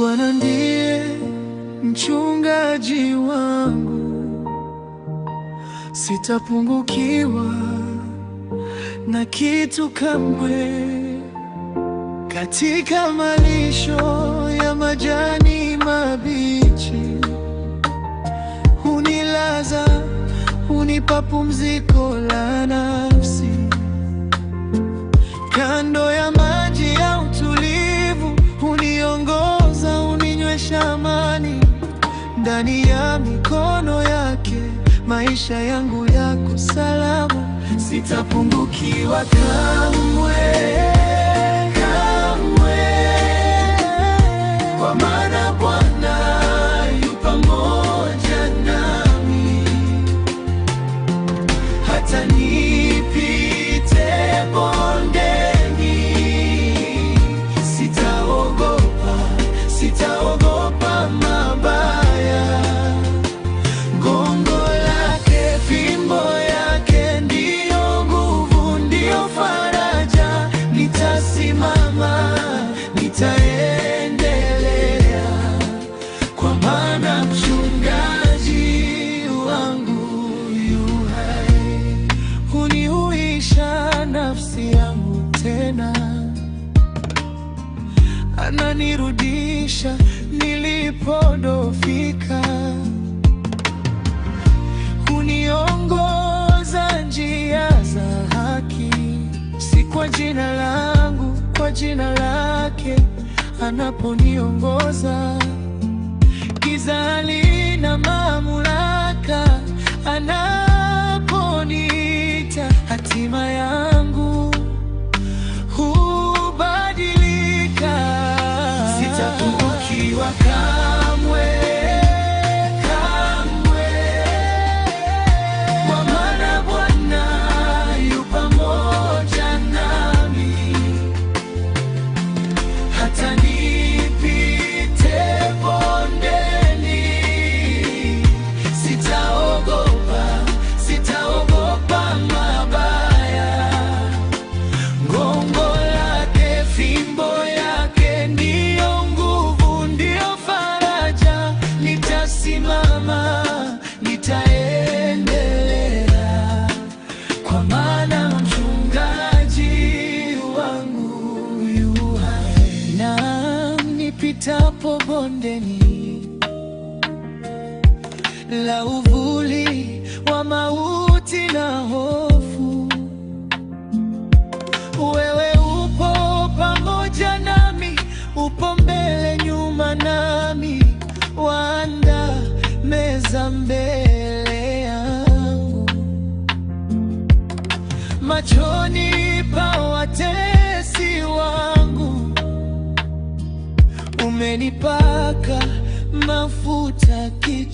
Bwana ndiye mchungaji wangu, sitapungukiwa na kitu kamwe. Katika malisho ya majani mabichi hunilaza, hunipa pumziko lana ndani ya mikono yake, maisha yangu yako salama, sitapungukiwa kamwe. ananirudisha nilipodofika, huniongoza njia za haki, si kwa jina langu, kwa jina lake. Anaponiongoza kizali na mamlaka ana hapo bondeni la uvuli wa mauti na hofu, wewe upo pamoja nami, upo mbele nyuma nami, wanda meza mbele yangu machoni pa watesi umenipaka mafuta kitu.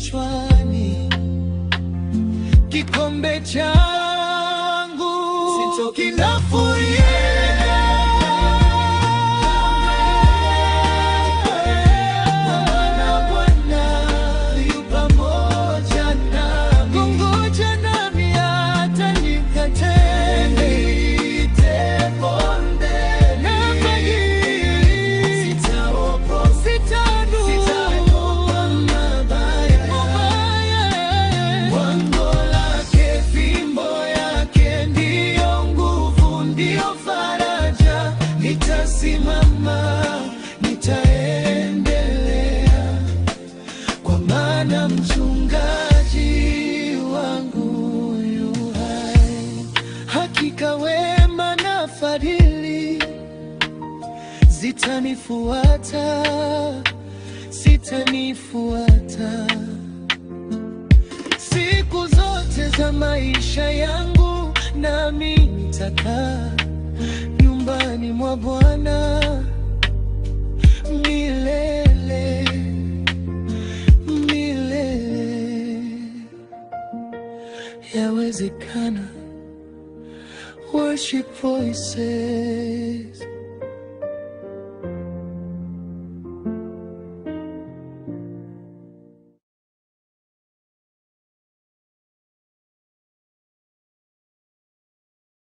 nitasimama, nitaendelea, kwa maana mchungaji wangu yu hai. Hakika wema na fadhili zitanifuata, zitanifuata siku zote za maisha yangu, nami nitakaa mwa Bwana milele milele. Yawezekana. Worship voices.